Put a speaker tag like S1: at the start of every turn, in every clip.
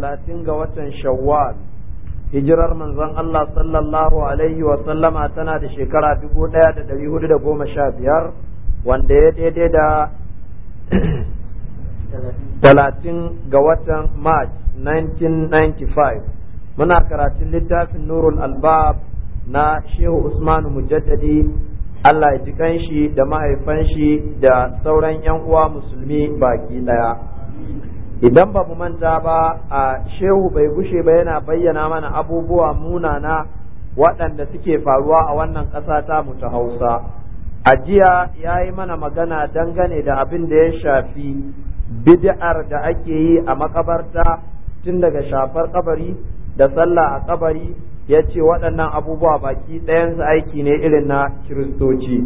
S1: talatin ga watan shawwal hijirar manzon Allah sallallahu alaihi wa sallama tana da shekara dubu ɗaya da ɗari hudu da goma sha biyar wanda ya daidai da talatin ga watan march 1995 muna karatun littafin nurul albab na shehu usman mujaddadi Allah ya ji kanshi da mahaifan shi da sauran 'yan uwa musulmi baki ɗaya. idan ba mu manta ba a shehu bai gushe ba yana bayyana mana abubuwa munana waɗanda suke faruwa a wannan ƙasa ta mu ta hausa a jiya ya yi mana magana dangane da abin da ya shafi bid'ar da ake yi a makabarta tun daga shafar kabari da sallah a kabari ya ce waɗannan abubuwa baki ɗayansu aiki ne irin na kiristoci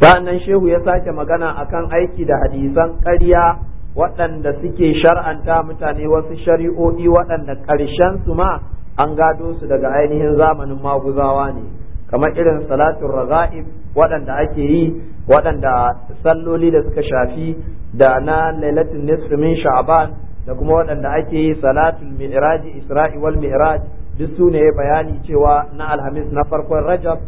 S1: sa'annan shehu ya sake magana akan aiki da hadisan ƙarya waɗanda suke shar'anta mutane wasu shari'o'i waɗanda ƙarshen su ma an gado su daga ainihin zamanin maguzawa ne kamar irin salatun raza'ib waɗanda ake yi waɗanda salloli da suka shafi da na lailatul nisfi min sha'ban da kuma waɗanda ake yi salatul mi'raj isra'i wal mi'raj duk sune bayani cewa na alhamis na farkon rajab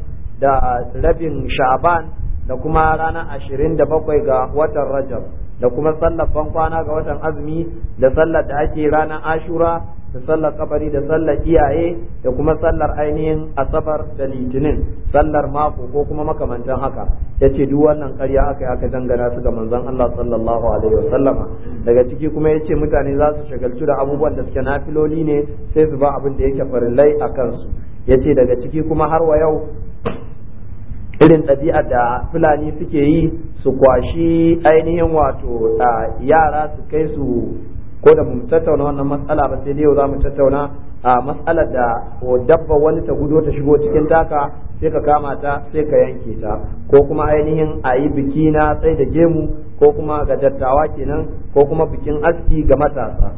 S1: da rabin sha'ban da kuma ranar ashirin da bakwai ga watan rajab da kuma sallar kwana ga watan azumi da sallar da ake ranar ashura da sallar kabari da sallar iyaye da kuma sallar ainihin asabar da litinin sallar mako ko kuma makamantan haka ya ce duk wannan karya aka yi aka dangana su ga manzon Allah sallallahu alaihi wasallam daga ciki kuma ya ce mutane za su shagaltu da abubuwan da suke nafiloli ne sai su ba abin da yake farillai a kansu ya ce daga ciki kuma har wa yau irin ɗabi'a da fulani suke yi su kwashi ainihin wato da yara su kai su ko da mu tattauna wannan matsala ba sai yau za mu tattauna a matsalar da ko dabba wani ta gudo ta shigo cikin taka sai ka kama ta sai ka yanke ta ko kuma ainihin a yi biki na tsaye da gemu ko kuma ga dattawa kenan ko kuma bikin aski ga matasa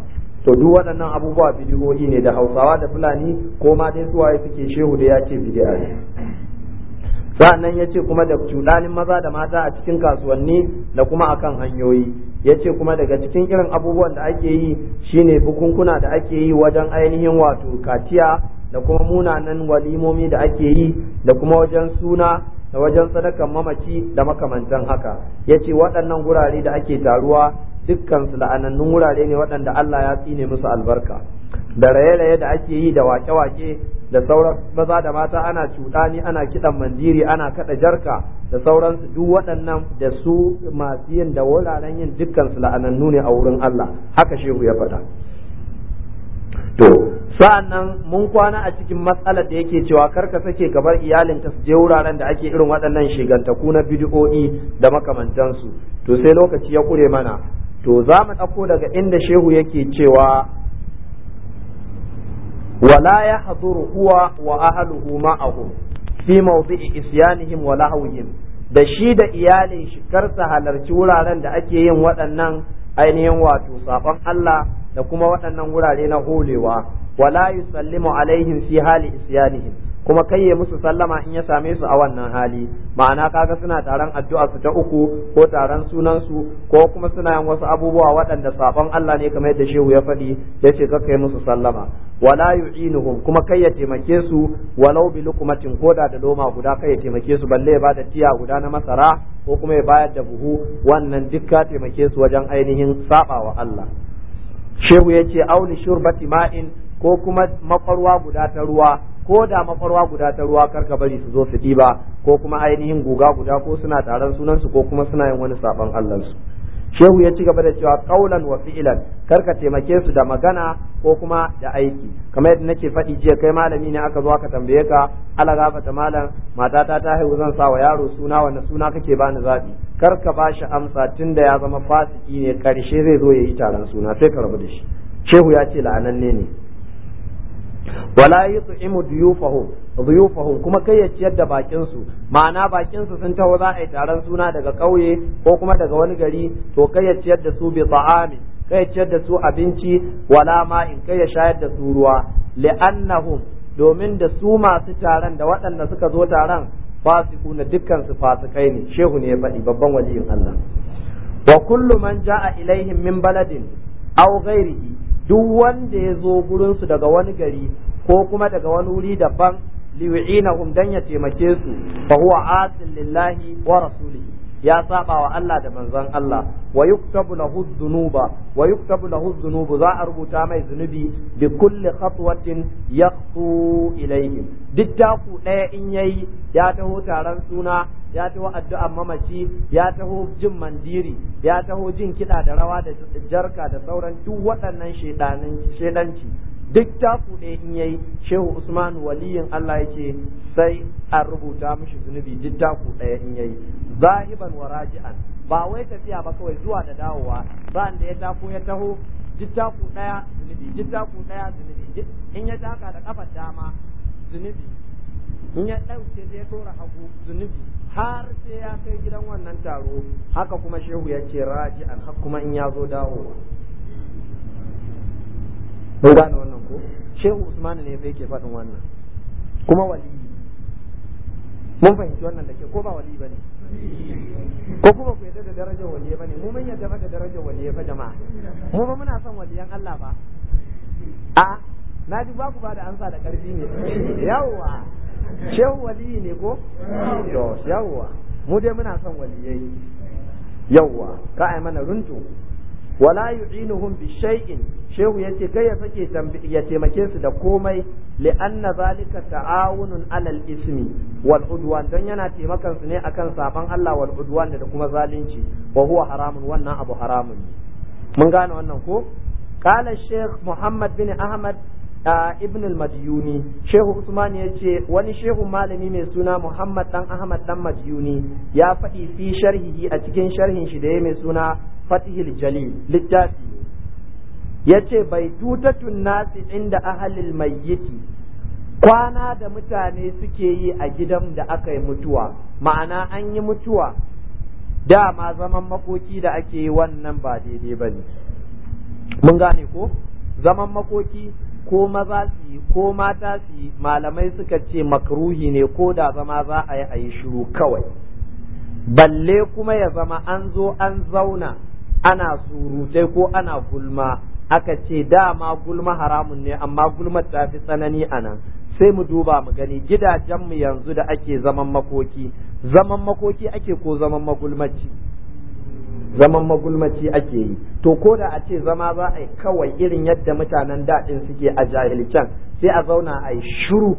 S1: to duk waɗannan abubuwa bidiyoyi ne da hausawa da fulani ko ma dai suwaye suke shehu da ya ce bidi'a sa'annan yace kuma da cuɗanin maza da mata a cikin kasuwanni da kuma akan hanyoyi yace kuma daga cikin irin abubuwan da ake yi shine bukunkuna da ake yi wajen ainihin wato kaciya da kuma munanan walimomi da ake yi da kuma wajen suna da wajen sadakan mamaci da makamantan haka yace waɗannan gurare da ake taruwa dukkansu la'anannun wurare ne waɗanda Allah ya tsine musu albarka da raye-raye da ake yi da wake-wake da sauran maza da mata ana cuɗani ana kiɗan mandiri ana kaɗa jarka da sauransu duk waɗannan da su masu yin da wuraren yin dukkansu la'anannu ne a wurin Allah haka shehu ya faɗa to sa'an nan mun kwana a cikin matsalar da yake cewa karka sake gabar iyalinka su je wuraren da ake irin waɗannan shigantaku na bidi'o'i da makamantansu to sai lokaci ya ƙure mana to za mu ɗauko daga inda shehu yake cewa wala ya haduru huwa wa ahluhu ma'ahu fi mawdi'i isyanihim wa lahawihim da shi da iyalin shi kar halarci wuraren da ake yin waɗannan ainihin wato saɓon Allah da kuma waɗannan wurare na holewa wala yusallimu alaihim fi hali isyanihim kuma kai ya musu sallama in ya same su a wannan hali ma'ana kaga suna taron addu'a su ta uku ko taron sunan su ko kuma suna yin wasu abubuwa waɗanda sabon Allah ne kamar yadda shehu ya faɗi yace ka kai musu sallama wala yu'inuhum kuma kai ya taimake su walau bi lukumatin koda da loma guda kai ya taimake su balle ya bada tiya guda na masara ko kuma ya bayar da buhu wannan duk ka taimake su wajen ainihin sabawa Allah shehu yace auli shurbati ma'in ko kuma makwarwa guda ta ruwa ko da makwarwa guda ta ruwa kar ka bari su zo su ɗiba ko kuma ainihin guga guda ko suna taron sunansu ko kuma suna yin wani saban allansu shehu ya ci gaba da cewa kaulan wa fi'lan ka taimake su da magana ko kuma da aiki kamar yadda nake faɗi jiya kai malami ne aka zo aka tambaye ka ala ta malam matata ta haihu zan sa wa yaro suna wanne suna kake bani zaɓi Kar ka ba shi amsa tunda ya zama fasiki ne karshe zai zo ya yi taron suna sai ka rabu da shi shehu ya ce la'ananne ne wala yut'imu duyufahum duyufahum kuma kai ya ciyar da bakin su ma'ana bakin su sun taho za a yi taron suna daga kauye ko kuma daga wani gari to kai ya ciyar da su bi ta'ami kai ya ciyar da su abinci wala ma'in kai ya shayar da su ruwa li'annahum domin da su masu taron da waɗanda suka zo taron fasiku na dukkan su fasikai ne shehu ne ya faɗi babban waliyin Allah wa kullu man ja'a ilaihim min baladin aw ghairihi duk wanda ya zo gurinsu daga wani gari ko kuma daga wani wuri daban liwi'inahum dan ya taimake su fa huwa asil lillahi wa rasulihi ya saba wa Allah da manzon Allah wa yuktabu lahu dhunuba wa yuktabu lahu dhunubu za a rubuta mai zunubi bi kulli khatwatin yaqtu ilayhi duk taku daya in yayi ya taho taron suna ya taho addu'ar mamaci ya taho jin mandiri ya taho jin kiɗa da rawa da jarka da sauran duk waɗannan shedanci duk taku daya in yayi shehu usman waliyin Allah yake sai a rubuta mishi zunubi duk taku daya in yayi zahiban wa raji'an ba wai tafiya ba kawai zuwa da dawowa ran da ya tafu ya taho jittaku daya zunubi jittaku daya zunubi in ya taka da kafar dama zunubi in ya dauke sai ya tora hagu zunubi har sai ya kai gidan wannan taro haka kuma shehu ya ce raji'an har kuma in ya zo dawowa Mun gane wannan ko shehu usmanu ne bai ke faɗin wannan kuma wali mun fahimci wannan da ke ko ba wali bane ko kuma ku yadda da darajar waliye ba ne mu mun yadda da darajar waliye fa jama'a mu ba muna son waliyan Allah ba a na ji ba ku ba da ansa da karfi ne yawwa shehu waliyi ne ko yawwa mu dai muna son waliyai yawwa ka ai mana runtu wala yu'inuhum bi shay'in shehu yace kai ya sake ya taimake su da komai li anna zalika ta'awunun alal ismi wal udwan dan yana taimakan su ne akan saban Allah wal udwan da kuma zalunci wa huwa haramun wannan abu haramun mun gane wannan ko qala sheikh muhammad bin ahmad ibn al-madiyuni shehu usman ya ce wani shehu malami mai suna muhammad dan ahmad dan madiyuni ya faɗi fi sharhihi a cikin sharhin shi da ya mai suna fatihil jalil littafi yace bai tutatun nasi inda ahalil mayyiti kwana da mutane suke yi a gidan da aka yi mutuwa ma'ana an yi mutuwa dama zaman makoki da ake yi wannan ba daidai ba ne mun gane ko zaman makoki ko maza su yi ko mata su yi malamai suka ce makruhi ne ko da zama za a yi a yi shiru kawai balle kuma ya zama an zo an zauna ana surutai ko ana gulma aka ce dama gulma haramun ne amma gulma ta fi tsanani a nan sai mu duba mu gani gidajenmu yanzu da ake zaman makoki zaman makoki ake ko zaman magulmaci zaman magulmaci ake yi to ko da a ce zama za a yi kawai irin yadda mutanen daɗin suke a jahilcan sai a zauna a yi shuru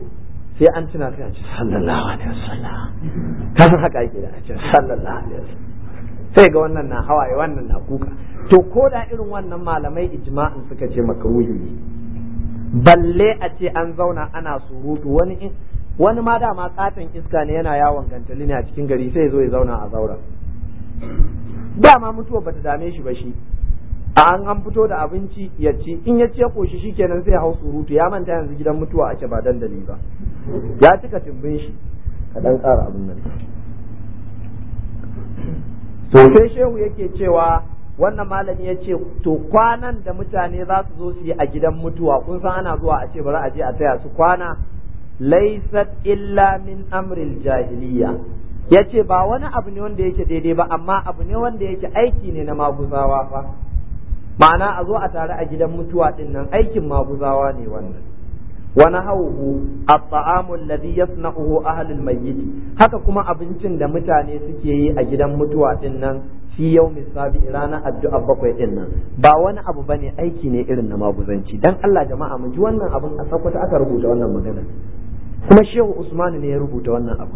S1: sai an tuna sai a ce sallallahu
S2: alaihi wasallam
S1: kasan haka ake da a ce sallallahu alaihi wasallam sai ga wannan na hawaye wannan na kuka to ko da irin wannan malamai ijma'in suka ce makruhi ne balle a ce an zauna ana surutu wani wani ma dama katin iska ne yana yawon gantali ne a cikin gari sai zo ya zauna a zaura dama mutuwa bata dame shi ba shi a an an fito da abinci ya ci in ya ci ya koshi kenan sai hau surutu ya manta yanzu gidan mutuwa ake ba dandali ba ya cika timbin shi ka dan ƙara
S2: abin nan to sai
S1: shehu yake cewa wannan malami ya ce to kwanan da mutane za su zo su yi a gidan mutuwa kun san ana zuwa a ce bari a je a taya su kwana laysat illa min amril jahiliya Ya ce ba wani abu ne wanda yake daidai ba amma abu ne wanda yake aiki ne na maguzawa fa ma'ana a zo a tare a gidan mutuwa din aikin maguzawa ne wannan ونهوه na الذي ahalin mai الميت haka kuma abincin da mutane suke yi a gidan mutuwa din nan shi yau misali ranar addu'a bakwai din nan ba wani abu bane aiki ne irin na maguzanci dan Allah jama'a mu ji wannan abun a sakwata aka rubuta wannan magana kuma shehu Usman ne ya rubuta wannan abu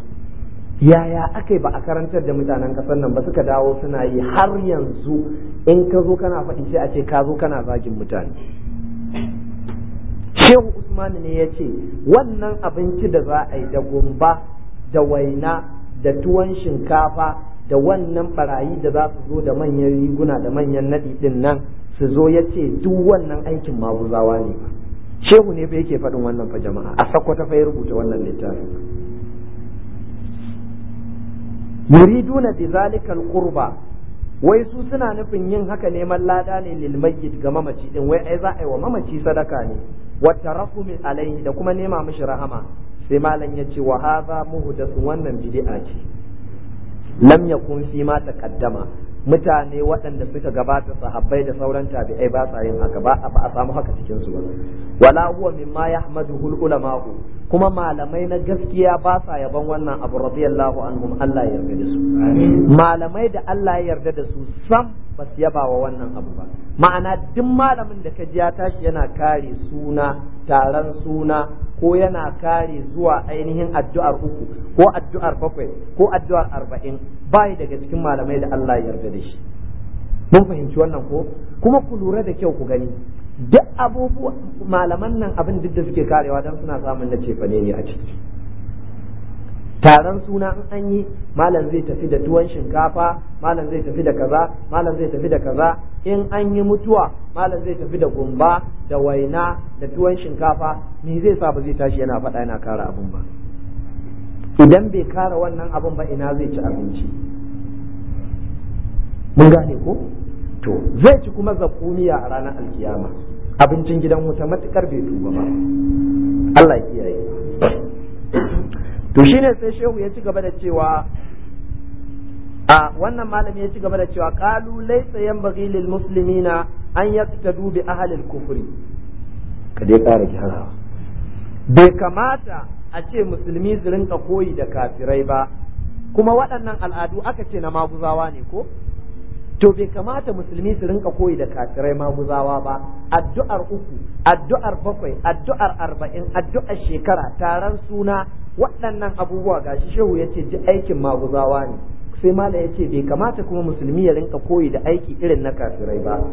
S1: yaya aka ba a karantar da mutanen kasar nan ba suka dawo suna yi har yanzu in ka zo kana faɗi sai a ce ka zo kana zagin mutane usman ne ya ce wannan abinci da za a yi da gumba da waina da tuwon shinkafa da wannan barayi da za su zo da manyan riguna da manyan naɗi ɗin nan su zo ya ce duk wannan aikin maguzawa ne shehu ne ba yake faɗin wannan fa jama'a a sako ta fayar rubuta wannan littafin yuriduna bi zalikal qurba wai su suna nufin yin haka neman lada ne lil ga mamaci din wai ai za a yi wa mamaci sadaka ne wa tarahumi alaihi da kuma nema mishi rahama sai malam ya ce wa hadha muhdathun wannan bid'a ce lam yakun fi ma taqaddama mutane waɗanda suka gabata sahabbai da sauran tabi'ai ba sa yin haka ba a samu haka cikin su ba wala huwa mimma yahmaduhu ulama kuma malamai na gaskiya ba sa yaban wannan abu radiyallahu anhum Allah ya yarda da su malamai da Allah ya yarda da su sam ba su yaba wa wannan abu ba ma'ana duk malamin da ka ji ya tashi yana kare suna taron suna ko yana kare zuwa ainihin addu'ar uku ko addu'ar bakwai ko addu'ar arba'in bai daga cikin malamai da Allah ya yarda da shi mun fahimci wannan ko kuma ku lura da kyau ku gani duk abubuwa malaman nan abin duk da suke karewa dan suna samun na cefane ne a ciki taron suna in an yi malam zai tafi da tuwon shinkafa malam zai tafi da kaza malam zai tafi da kaza in an yi mutuwa malam zai tafi da gumba da waina da tuwon shinkafa me zai sa ba zai tashi yana faɗa yana kara abin ba idan bai kara wannan abin ba ina zai ci abinci mun gane ko to zai ci kuma zakumiya a ranar alkiyama abincin gidan wuta matukar bai tuba ba Allah ya kiyaye to ne sai shehu ya ci gaba da cewa a wannan malami ya ci gaba da cewa qalu laysa yanbaghi lil muslimina an yaktadu bi ahli al kufuri. ka dai kara bai kamata a ce musulmi su rinka koyi da kafirai ba kuma waɗannan al'adu aka ce na maguzawa ne ko to bai kamata musulmi su rinka koyi da kafirai maguzawa ba addu'ar uku addu'ar bakwai addu'ar arba'in addu'ar shekara taron suna waɗannan abubuwa gashi shehu ya ce ji aikin maguzawa ne sai mala ya ce bai kamata kuma musulmi ya rinka koyi da aiki irin na kafirai ba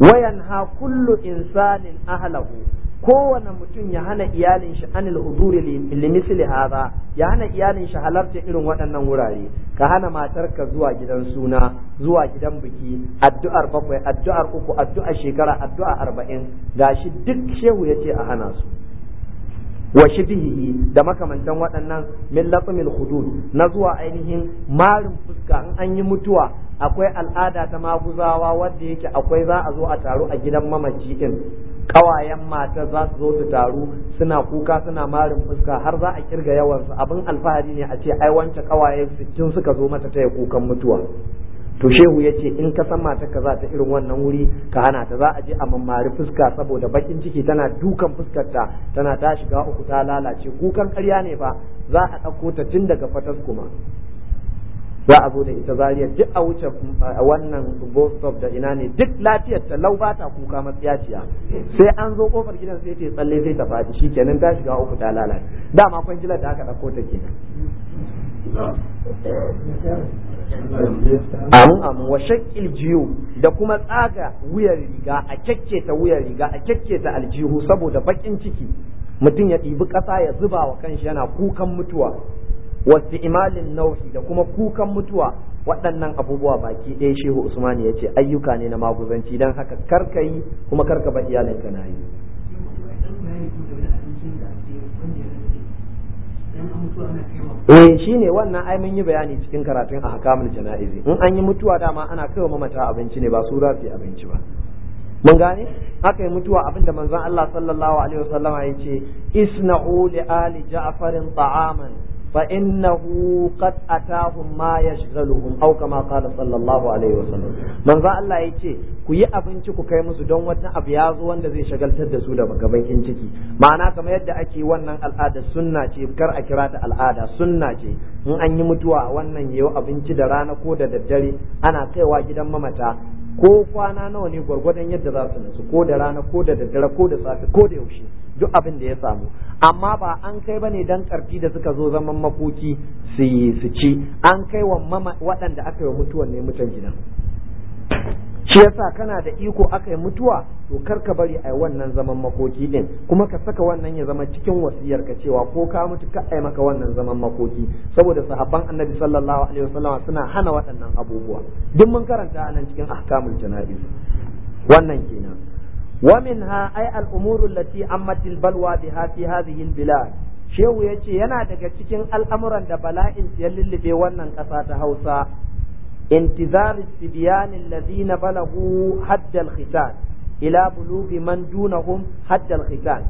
S1: wayan ha kullu insanin ahlahu kowane mutum ya hana iyalin shi anil huduri limisli hada ya hana iyalin shi halarta irin waɗannan wurare ka hana matarka zuwa gidan suna zuwa gidan biki addu'ar bakwai addu'ar uku addu'ar shekara addu'ar arba'in gashi duk shehu ya ce a hana su wa shibihi da makamantan waɗannan min laqmil hudud na zuwa ainihin marin fuska in an yi mutuwa akwai al'ada ta maguzawa wadda yake akwai za a zo a taru a gidan mamaci din kawayen mata za su zo su taru suna kuka suna marin fuska har za a kirga yawansu abin alfahari ne a ce ai wance kawaye sittin suka zo mata taya kukan mutuwa to shehu ya ce in ka san mata ka ta irin wannan wuri ka hana ta za a je a mammari fuska saboda bakin ciki tana dukan fuskarta tana ta shiga uku ta lalace kukan karya ne fa za a ɗauko ta tun daga fatas kuma za a zo da ita zariya duk a wuce wannan of da ina ne duk lafiyar ta lau bata kuka matsiyaciya sai an zo kofar gidan sai ta tsalle sai ta faɗi shikenan ta shiga uku ta lalace dama kwangilar da aka ɗauko ta kenan amu washen wa shakkil da kuma tsaga wuyar riga a kyakketa wuyar riga a kyakketa aljihu saboda bakin ciki mutum ya ɗibi ƙasa ya zuba wa kanshi yana kukan mutuwa wasu imalin nauhi da kuma kukan mutuwa waɗannan abubuwa baki ɗaya shehu usmani ya ce ayyuka ne na maguzanci don haka karka yi kuma karka ba iyalinka na yi eh ne wannan ai mun yi bayani cikin karatun a ahkamul janaizi in an yi mutuwa dama ana kai kaiwa mamata abinci ne ba su yi abinci ba mun gane aka yi mutuwa abinda manzon Allah sallallahu alaihi wasallama ya ce isna'u li ali ja'farin ta'aman fa innahu qad atahum ma yashghaluhum aw kama qala sallallahu alaihi wasallam man za Allah yace ku yi abinci ku kai musu don wata abu yazo wanda zai shagaltar da su da gabakin ciki ma'ana kamar yadda ake wannan al'ada sunna ce kar a kira ta al'ada sunna ce in an yi mutuwa a wannan yayi abinci da rana ko da daddare ana kaiwa gidan mamata ko kwana nawa ne gurgurdan yadda za su ko da rana ko da daddare ko da safi ko da yaushe duk abin da ya samu amma ba an kai ba ne dan karfi da suka zo zaman makoki su yi su ci an kai wa waɗanda aka yi wa mutuwan ne mutan gidan shi yasa kana da iko aka yi mutuwa to kar ka bari a yi wannan zaman makoki din kuma ka saka wannan ya zama cikin wasiyar ka cewa ko ka mutu ka ai maka wannan zaman makoki saboda sahabban annabi sallallahu alaihi wasallam suna hana waɗannan abubuwa duk mun karanta a nan cikin ahkamul janabi wannan kenan ومنها أي الأمور التي أمت البلوى بها في هذه البلاد shehu ya ce yana daga cikin al'amuran da bala'in ya lullube wannan ƙasa ta hausa intizari sibiyanin lazina balagu haddal khitan ila bulugi man dunahum haddal khitan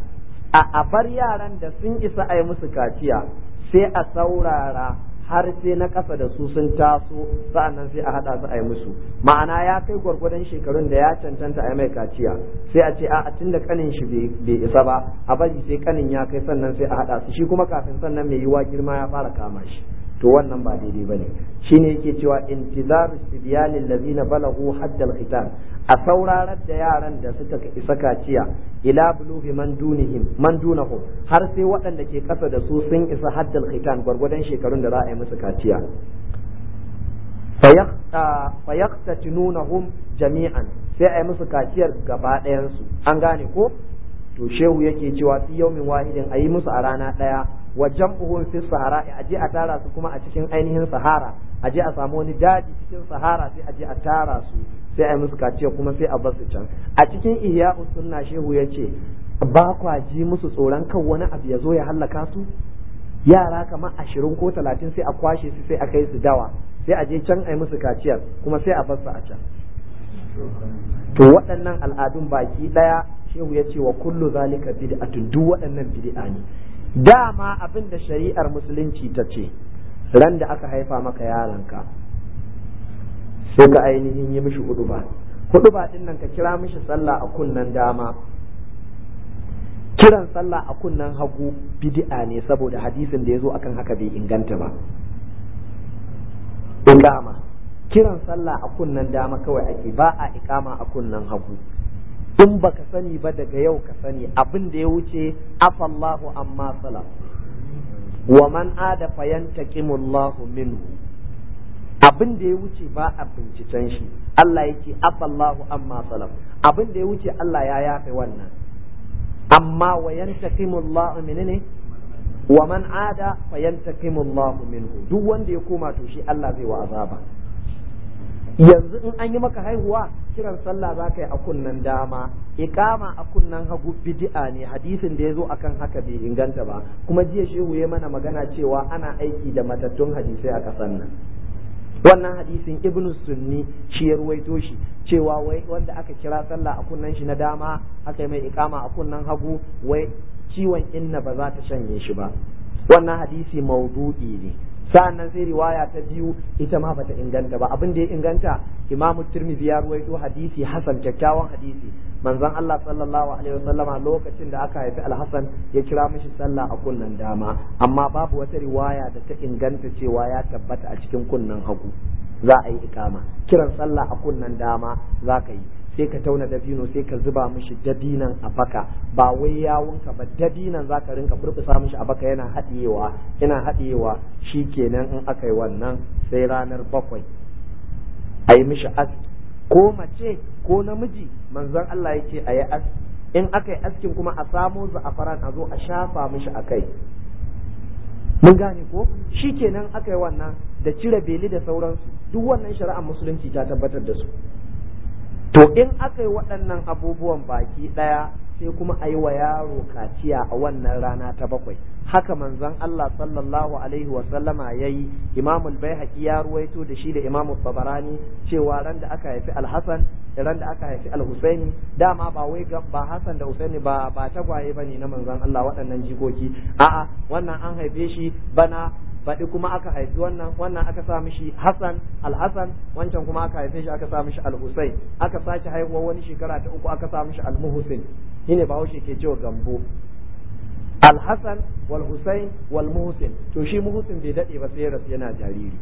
S1: A'a bar yaran da sun isa a yi musu kaciya sai a saurara har sai na kasa da su sun taso nan sai a haɗa su a yi musu ma'ana ya kai gwargwadon shekarun da ya cancanta a yi mai kaciya sai a ce a tun da kanin shi bai isa ba a bari sai kanin ya kai sannan sai a haɗa su shi kuma kafin sannan mai yiwa girma ya fara kama shi to wannan ba daidai bane shine yake cewa intizaru sibyal allazina balagu haddal khitan a saurarar da yaran da suka isa kaciya ila buluhi man dunihim man dunahu har sai waɗanda ke kasa da su sun isa haddal khitan gwargwadon shekarun da za a yi musu kaciya fayaqtatinunahum jami'an sai a yi musu kaciyar gaba an gane ko to shehu yake cewa fi yaumin wahidin a yi musu a rana ɗaya wa jam'uhum fi sahara a je a tara su kuma a cikin ainihin sahara a je a samu wani daji cikin sahara sai a je a tara su sai a yi musu kaciya kuma sai a bar su can a cikin ihya sunna shehu ya ce ba kwa ji musu tsoron kan wani abu ya zo ya hallaka su yara kamar ashirin ko talatin sai a kwashe su sai a kai su dawa sai a je can a yi musu kaciyar kuma sai a bar su a can to waɗannan al'adun baki ɗaya shehu ya ce wa kullu zalika bid'atun duk waɗannan bid'a ne dama abin da shari'ar musulunci ta ce ran da aka haifa maka yaranka sai ka ainihin yi mishi hudu ba hudu ba din nan ka kira mishi sallah a kunnen dama kiran sallah a kunnen hagu bid'a ne saboda hadisin da ya zo akan haka bai inganta ba dama kiran sallah a kunnen dama kawai ake ba a ikama a kunnen hagu in ka sani ba daga yau ka sani abin da ya wuce afallahu amma sala wa man ada fayantaqimullahu minhu abin da ya wuce ba a binciken shi Allah yake afallahu amma sala abin da ya wuce Allah ya yafe wannan amma wa yantaqimullahu minne wa man ada fayantaqimullahu minhu duk wanda ya koma to shi Allah zai wa azaba yanzu in an yi maka haihuwa kiran sallah za ka yi a kunnen dama ikama a kunnen hagu bid'a ne hadisin da ya zo akan haka bai inganta ba kuma jiya shehu ya mana magana cewa ana aiki da matattun hadisai a kasan nan wannan hadisin ibn sunni shi ya ruwaito shi cewa wai wanda aka kira sallah a kunnen shi na dama aka yi mai ikama a kunnen hagu wai ciwon inna ba za ta shanye shi ba wannan hadisi maudu'i ne Sa'an nan sai riwaya ta biyu ita ma bata inganta ba abin da ya inganta imamu tirmidhi ya ruwaito hadisi hasan kyakkyawan hadisi manzon Allah sallallahu alaihi wasallama lokacin da aka haifi alhasan ya kira mishi sallah a kunnan dama amma babu wata riwaya da ta inganta cewa ya tabbata a cikin kunnan hagu za a yi ikama kiran sallah a kunnan dama za ka yi sai ka tauna dabino sai ka zuba mishi dabinan a baka ba wai yawunka ba dabinan za ka rinka burbusa mishi a baka yana haɗiyewa yana haɗiyewa kenan in aka yi wannan sai ranar bakwai a yi mishi aski ko mace ko namiji manzon Allah ya ce a yi aski in aka yi askin kuma a samo za'afaran a zo a shafa mishi a kai mun gane ko shikenan aka yi wannan da cire beli da sauransu duk wannan shari'ar musulunci ta tabbatar da su to in aka yi waɗannan abubuwan baki ɗaya sai kuma a yi wa yaro kaciya a wannan rana ta bakwai haka manzon Allah sallallahu alaihi wa sallama yayi Imam al-Baihaqi ya ruwaito da shi da Imam tabarani cewa ran da aka haifi Al-Hasan ran da aka haifi Al-Husaini dama ba wai ba Hassan da Husaini ba ba tagwaye bane na manzon Allah waɗannan jikoki a'a wannan an haife shi bana baɗi kuma aka haifi wannan wannan aka sa mishi Hassan Al-Hassan wancan kuma aka haife shi aka sa mishi Al-Husayn aka sace haihuwa wani shekara ta uku aka sa mishi Al-Muhsin shine Bahaushe ke cewa gambo Al-Hassan wal Husayn wal Muhsin to shi Muhsin bai dade ba sai rasu yana jariri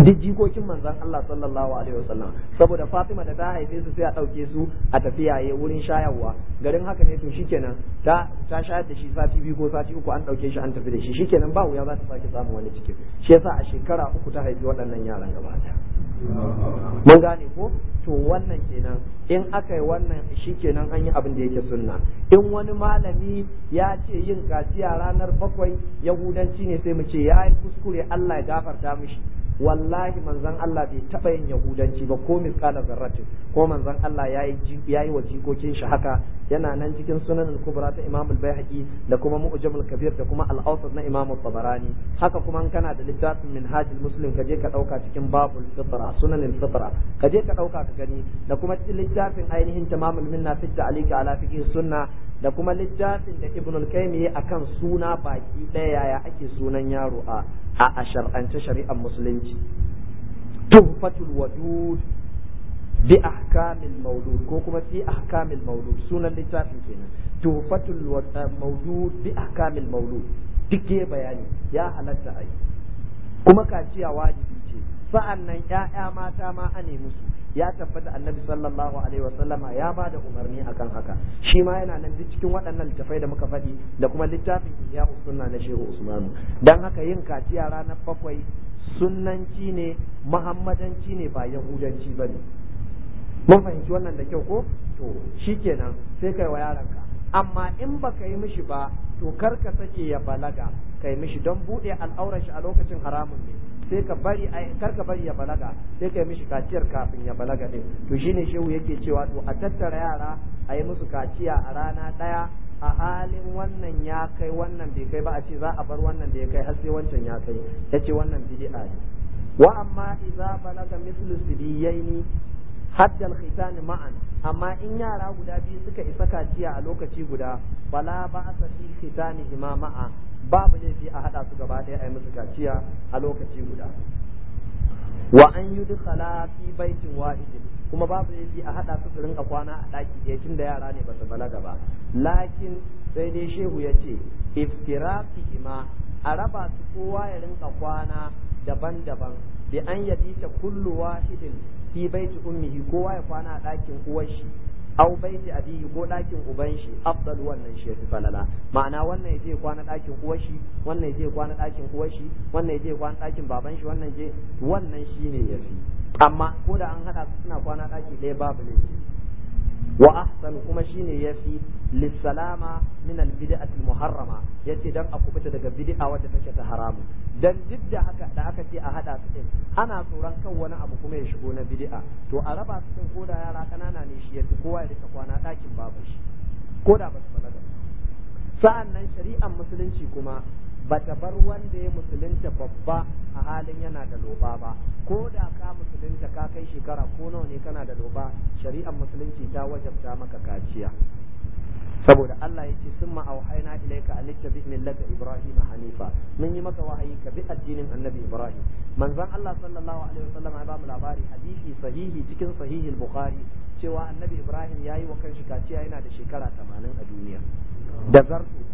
S1: duk jikokin Manzan Allah sallallahu alaihi wasallam saboda Fatima da ta haife su sai a dauke su a tafiya ya wurin shayarwa garin haka ne to shikenan ta ta shayar da shi sati biyu ko sati uku an dauke shi an tafi da shi shikenan ba wuya za ta sake samun wani cikin shi yasa a shekara uku ta haifi waɗannan yaran gaba daya mun gane ko to wannan kenan in aka yi wannan shikenan an yi abin da yake sunna in wani malami ya ce yin kaciya ranar bakwai yahudanci ne sai mu ce ya yi kuskure Allah ya gafarta mishi wallahi manzon Allah bai taɓa yin yahudanci ba ko misqala zarratin ko manzon Allah ya yi wa jikokin shi haka yana nan cikin sunan al-kubra ta Imam al-Baihaqi da kuma Mu'jam al-Kabir da kuma al-Awsat na Imam al-Tabarani haka kuma kana da littafin Minhajul Muslim kaje ka dauka cikin babul fitra sunan al-fitra kaje ka dauka ka gani da kuma cikin littafin ainihin Tamamul Minna fi ta'liqi ala fiqh sunna da kuma littafin da Ibn al-Qayyim akan suna baki daya yaya ake sunan yaro a a a shari'ar musulunci tuhfatul wadud bi ahkamil mawlud ko kuma fi ahkamil mawlud sunan littafin kenan tuhfatul eh, mawlud bi ahkamil mawlud duk ke bayani ya halatta ai kuma kaciya wajibi ce sa'an nan ƴaƴa mata ma nemi musu ya tabbata annabi sallallahu alaihi wasallama ya ba da umarni akan haka shi ma yana nan duk cikin waɗannan littafai da muka faɗi da kuma littafin ya sunna na shehu usmanu dan haka yin kaciya ranar bakwai sunnanci ne muhammadanci ne ba yahudanci bane mun fahimci wannan da kyau ko to shikenan sai kai wa yaranka amma in baka yi mishi ba to kar ka sake ya balaga kai mishi don buɗe al'aurar shi a lokacin haramun ne sai ka bari kar ka bari ya balaga sai ka kai mishi kaciyar kafin ya balaga din to shine shehu yake cewa to a tattara yara a yi musu kaciya a rana ɗaya a halin wannan ya kai wannan bai kai ba a ce za a bar wannan da ya kai har sai wancan ya kai yace wannan bid'a ne wa amma idza balaga mithlu sibiyaini hadda al ma'an amma in yara guda biyu suka isa kaciya a lokaci guda bala ba sa fi khitani imama'a babu laifi a haɗa su gaba ɗaya a yi musu kaciya a lokaci guda wa an yi duk fi baitin wahidin kuma babu laifi a haɗa su su rinka kwana a ɗaki ɗaya tun da yara ne ba su balaga ba lakin sai dai shehu ya ce ima a raba su kowa ya rinka kwana daban-daban bi an ta kullu wahidin fi baiti ummihi kowa ya kwana a ɗakin uwar shi au baiti abihi ko ɗakin uban shi afdal wannan shi yafi falala ma'ana wannan yaje kwana ɗakin uwar shi wannan yaje kwana ɗakin uwar shi wannan yaje kwana ɗakin baban shi wannan je wannan shine yafi amma ko da an hada su suna kwana daki ɗaya babu laifi wa ahsan kuma shine yafi lissalama min albid'ati ya ce dan a kubuta daga bid'a wacce take ta haramu dan duk da haka da aka ce a haɗa su din ana tsoron kan wani abu kuma ya shigo na bid'a to a raba su din koda yara kanana ne shi yafi kowa ya rika kwana dakin babu shi koda ba su balaga sa'an nan shari'ar musulunci kuma ba ta bar wanda ya musulunta babba a halin yana da loba ba ko da ka musulunta ka kai shekara ko nawa ne kana da loba shari'ar musulunci ta wajabta maka kaciya saboda Allah ya ce sun ma'auhaina ilaika a litta bi millata Ibrahim Hanifa mun yi maka wahayi ka bi addinin Annabi Ibrahim manzon Allah sallallahu alaihi wasallam ya mu labari hadisi sahihi cikin sahihil Bukhari cewa Annabi Ibrahim yayi wa kanshi kaciya yana da shekara 80 a duniya da zartu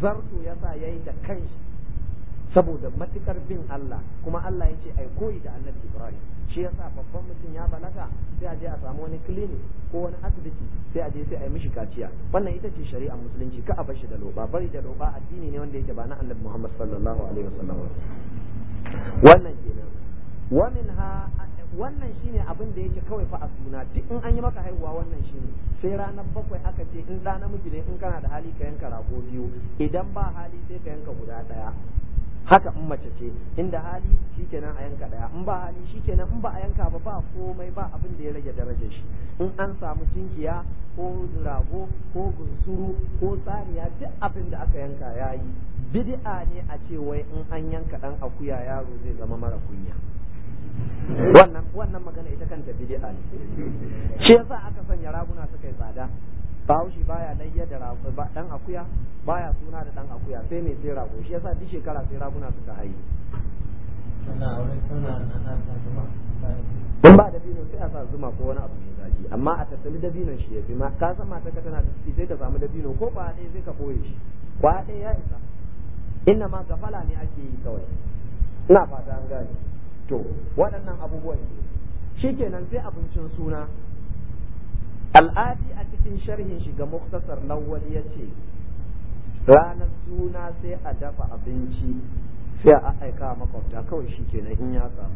S1: zarto ya sa ya yi da kanshi saboda matukar bin Allah kuma Allah ya ce ai koyi da annabi Ibrahim shi yasa babban mutum ya balaga sai a je a samu wani clinic ko wani asibiti sai a je sai a yi mishi kaciya wannan ita ce shari'a musulunci ka a bar shi da loba bari da loba addini ne wanda yake ba na annabi Muhammad sallallahu alaihi wasallam wannan kenan wa minha wannan shine abin da yake kawai fa a suna duk in an yi maka haihuwa wannan shine sai ranar bakwai aka ce in da namiji ne in kana da hali ka yanka rago biyu idan ba hali sai ka yanka guda daya haka in mace ce inda hali shikenan a yanka daya in ba hali shikenan in ba a yanka ba ba komai ba abin da ya rage darajar shi in an samu cinkiya ko rago ko gunsuru ko tsariya, duk abin da aka yanka yayi bid'a ne a ce wai in an yanka dan akuya yaro zai zama mara kunya wannan wannan magana ita kanta bid'a ne shi yasa aka sanya raguna suka yi tsada bahaushe baya layya da rago dan akuya baya suna da dan akuya sai mai sai rago shi yasa duk shekara sai raguna suka
S2: haihu in ba dabino sai
S1: a sa zuma ko wani abu mai zaki amma a tattali binon shi ya fi ma ka san matarka tana da ciki sai ka samu dabino ko ba sai ka koye shi ba ya isa inna ma gafala ne ake yi kawai ina fata an gane to waɗannan abubuwan shikenan sai abincin suna al'adi a cikin sharhin shiga muktasar lawal ya ce ranar suna sai a dafa abinci sai a aika makwabta kawai shikenan in ya samu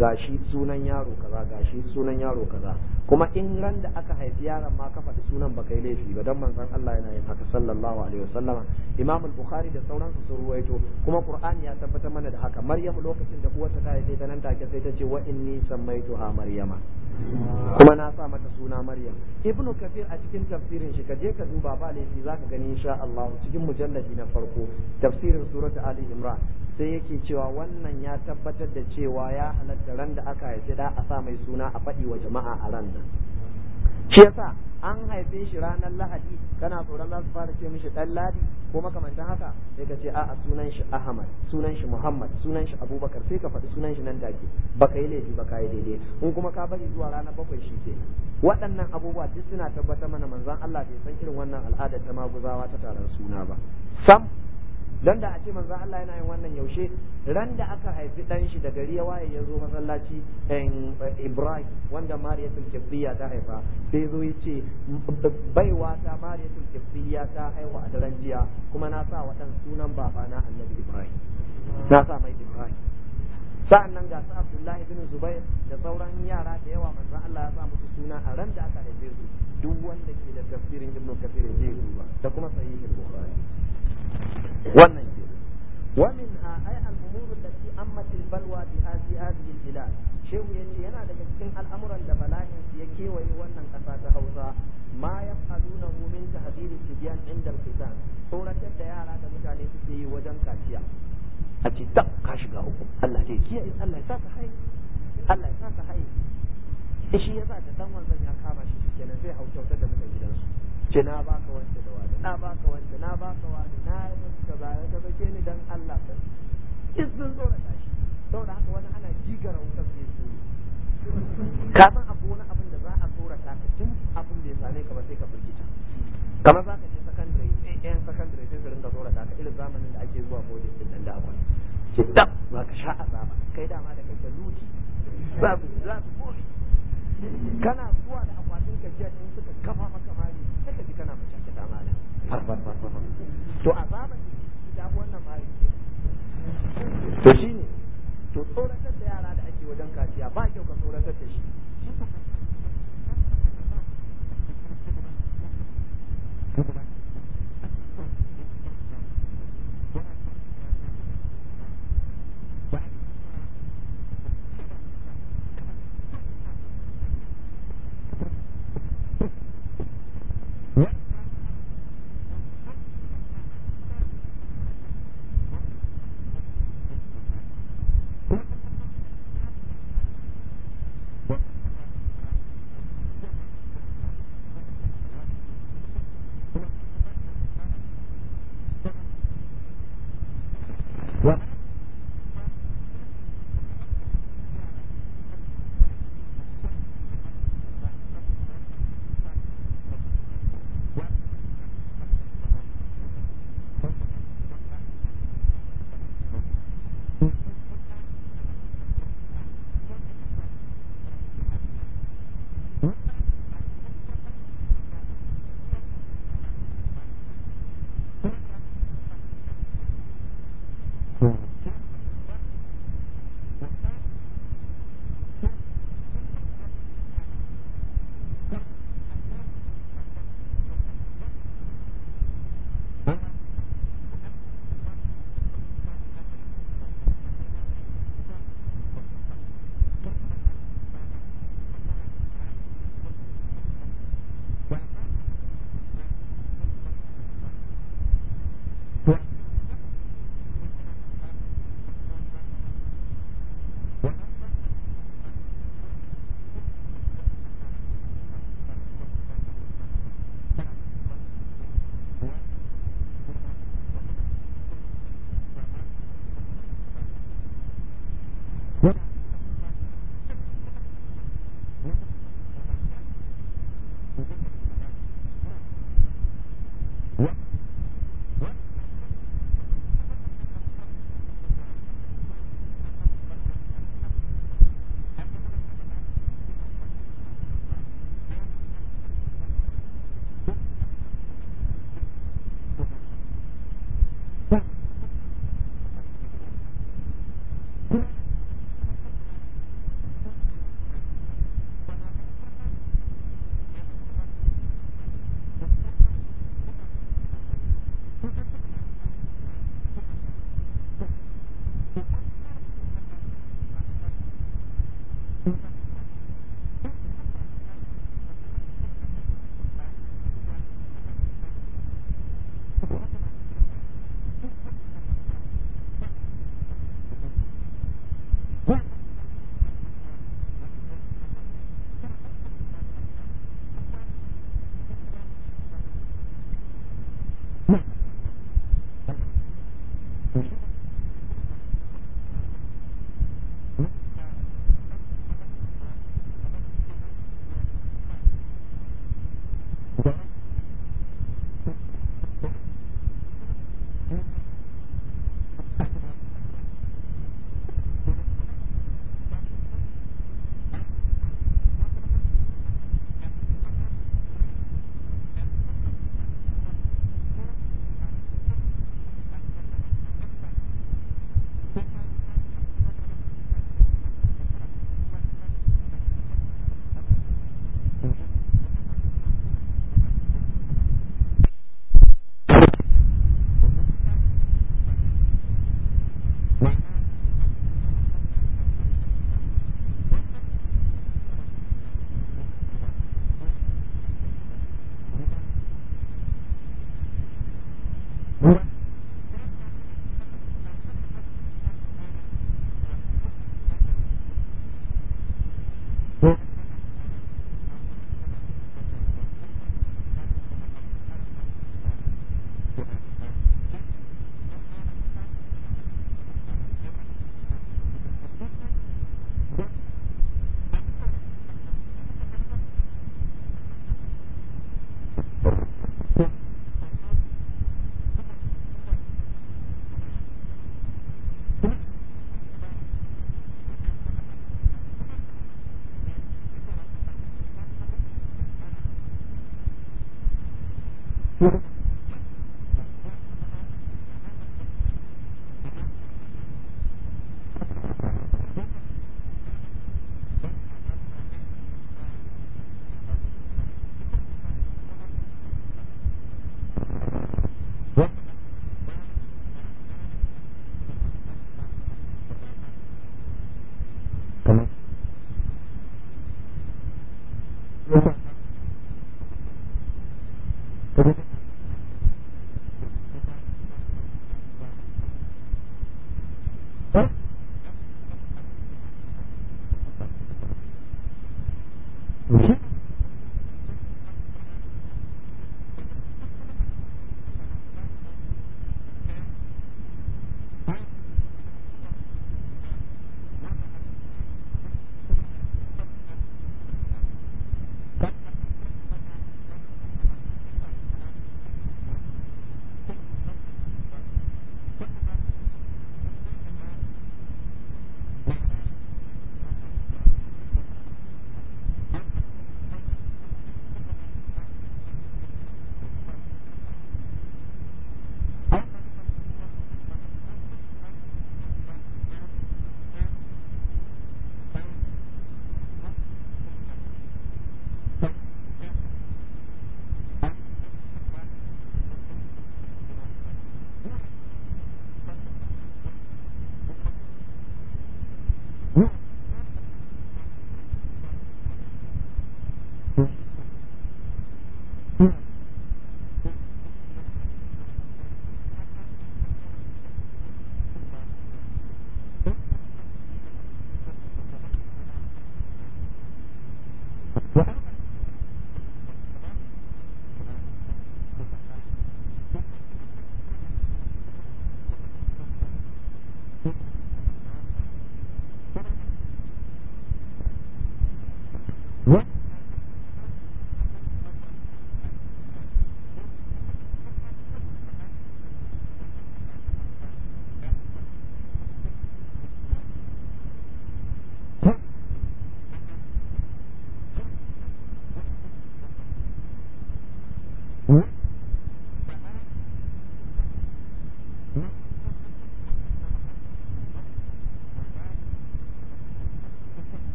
S1: gashi sunan yaro kaza gashi sunan yaro kaza kuma in ran da aka haifi yaron ma ka faɗi sunan baka yi laifi ba dan manzon Allah yana yin haka sallallahu alaihi wasallam Imam al-Bukhari da sauransu sun ruwaito kuma Qur'ani ya tabbatar mana da haka Maryam lokacin da uwarta ta haife ta nan take sai ta ce wa inni sammaituha Maryama kuma na sa mata suna Maryam Ibn Kathir a cikin tafsirin shi ka je ka duba ba laifi zaka gani insha Allah cikin mujallabi na farko tafsirin surat Ali Imran sai yake cewa wannan ya tabbatar da cewa ya halatta ran da aka haifi da a sa mai suna a faɗi wa jama'a a ran shi yasa an haife shi ranar lahadi kana tsoron za su fara ce mishi dan ladi ko makamantan haka sai ka ce a'a sunan shi ahmad sunan shi muhammad sunan shi abubakar sai ka faɗi sunan shi nan take ba ka yi laifi ba ka yi daidai in kuma ka bari zuwa ranar bakwai shi ke waɗannan abubuwa duk suna tabbatar mana manzon allah bai san irin wannan al'adar ta maguzawa ta taron suna ba sam dan da a ce manzo Allah yana yin wannan yaushe ran da aka haifi dan shi da gari ya waye ya zo masallaci eh, Ibrahim wanda Mariyatul Kibriya ta haifa sai zo yace ce baiwa ta Mariyatul Kibriya ta haihu a daren jiya kuma na sa wa dan sunan babana Annabi Ibrahim na sa mai Ibrahim sa'annan ga sa Abdullahi bin Zubair da sauran yara da yawa manzo Allah ya sa musu suna a ran da aka haife su duk wanda ke da tafsirin Ibn Kathir ya je da kuma sahihin Bukhari wannan ke wamin a ai al'umuru da fi ammatil balwa bi hadi hadi bilad shehu ya ce yana daga cikin al'amuran da bala'in ya kewaye wannan ƙasa ta Hausa ma yaf'aluna min tahdhiri sibyan inda al-qitan tsoratar da yara da mutane suke yi wajen kaciya a ce ta ka shiga uku Allah zai kiyaye Allah ya saka hai Allah ya saka hai shi yasa da dan wanzan ya kama shi kenan zai hau kyautar da mutan gidansu ce na baka wanda na baka wanda na baka wani na yi ka kaza ya ka sake ni don Allah ka duk sun tsorata shi saboda haka wani ana jigara wutar zai so ka san abu wani abin da za a tsorata ka tun abin da ya same ka ba sai ka firgita kamar za ka je sakandare eh, yan sakandare sai su rinka tsorata ka irin zamanin da ake zuwa bodin din nan da akwai
S3: ce dab ba ka sha
S1: azaba kai dama da kai kake luci za su za su kana
S2: C'est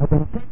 S2: Atención.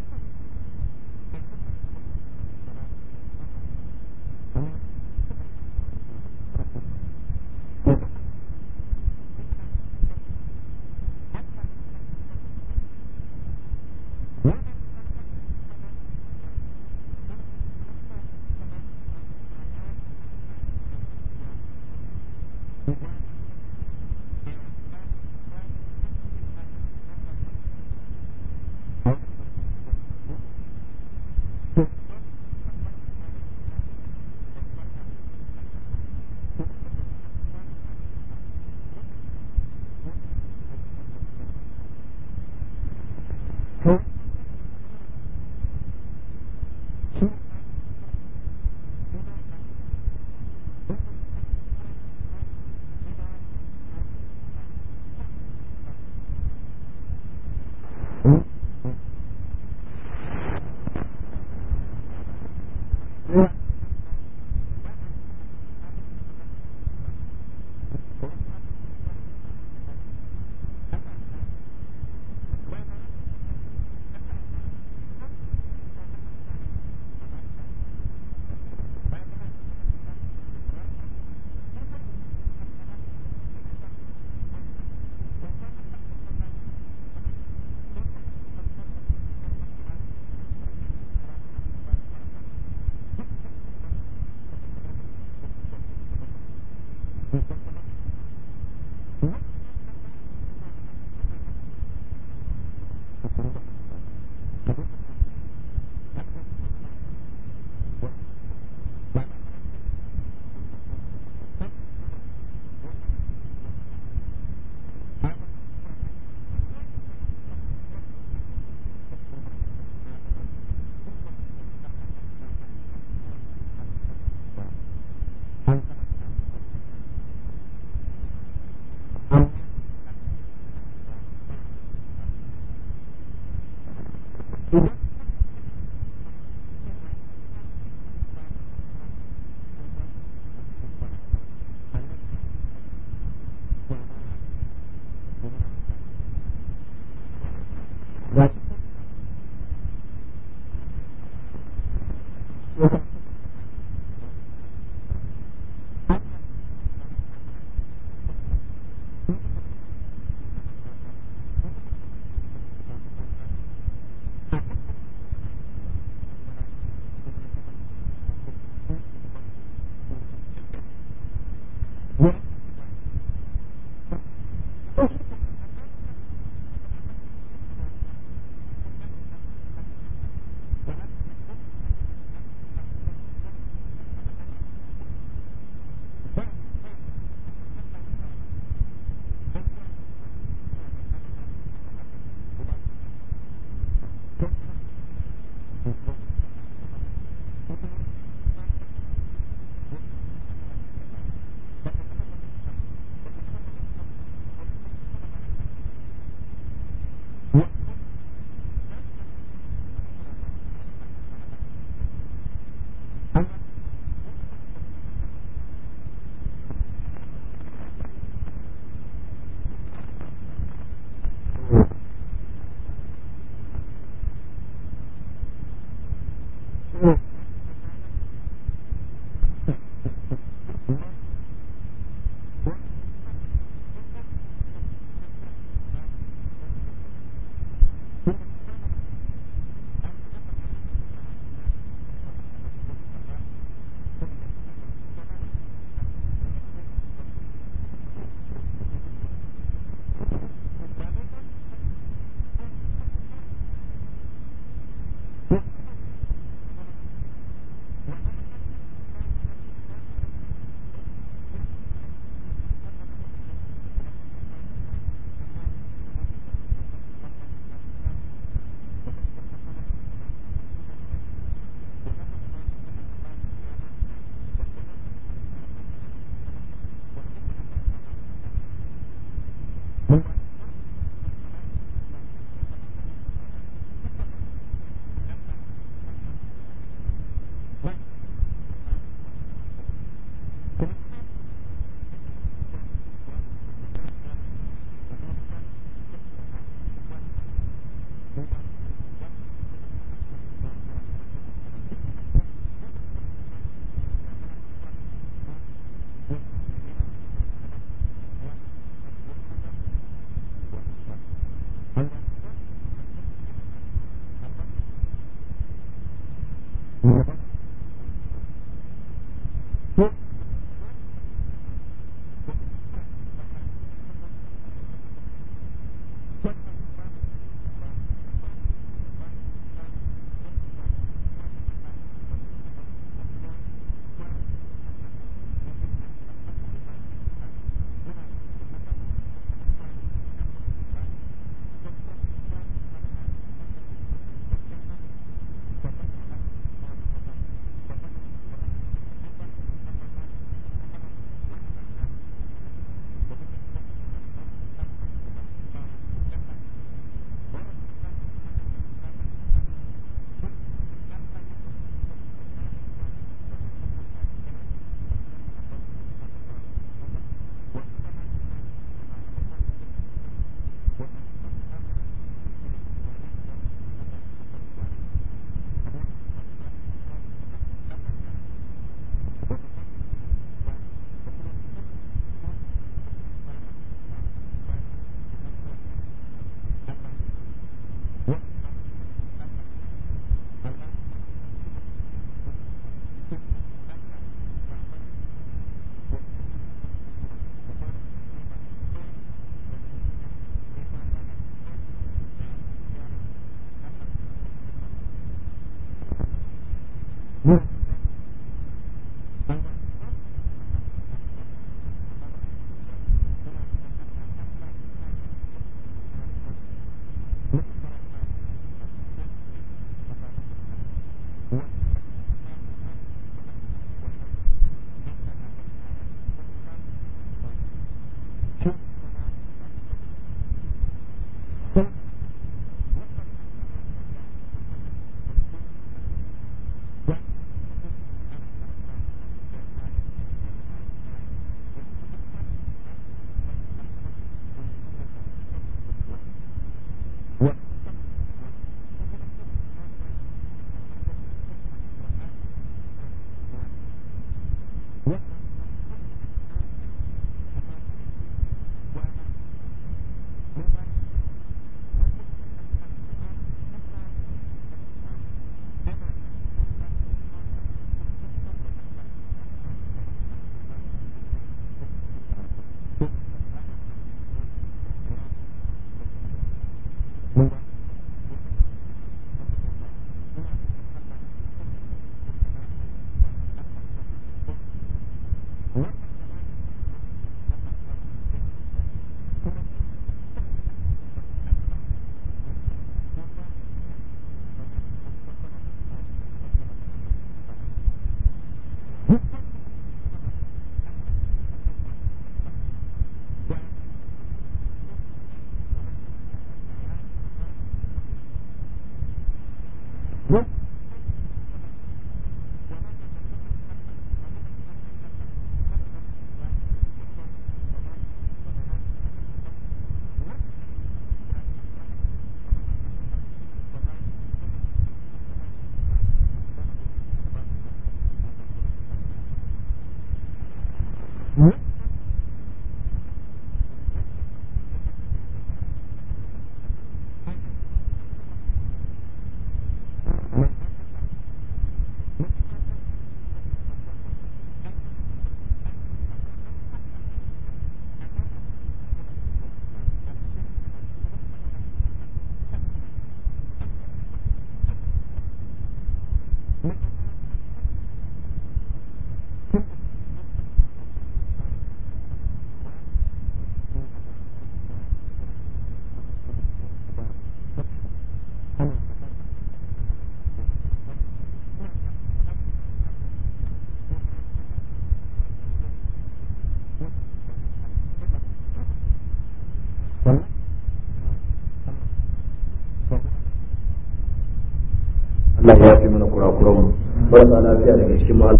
S2: marasa
S3: lafiya daga cikin mahal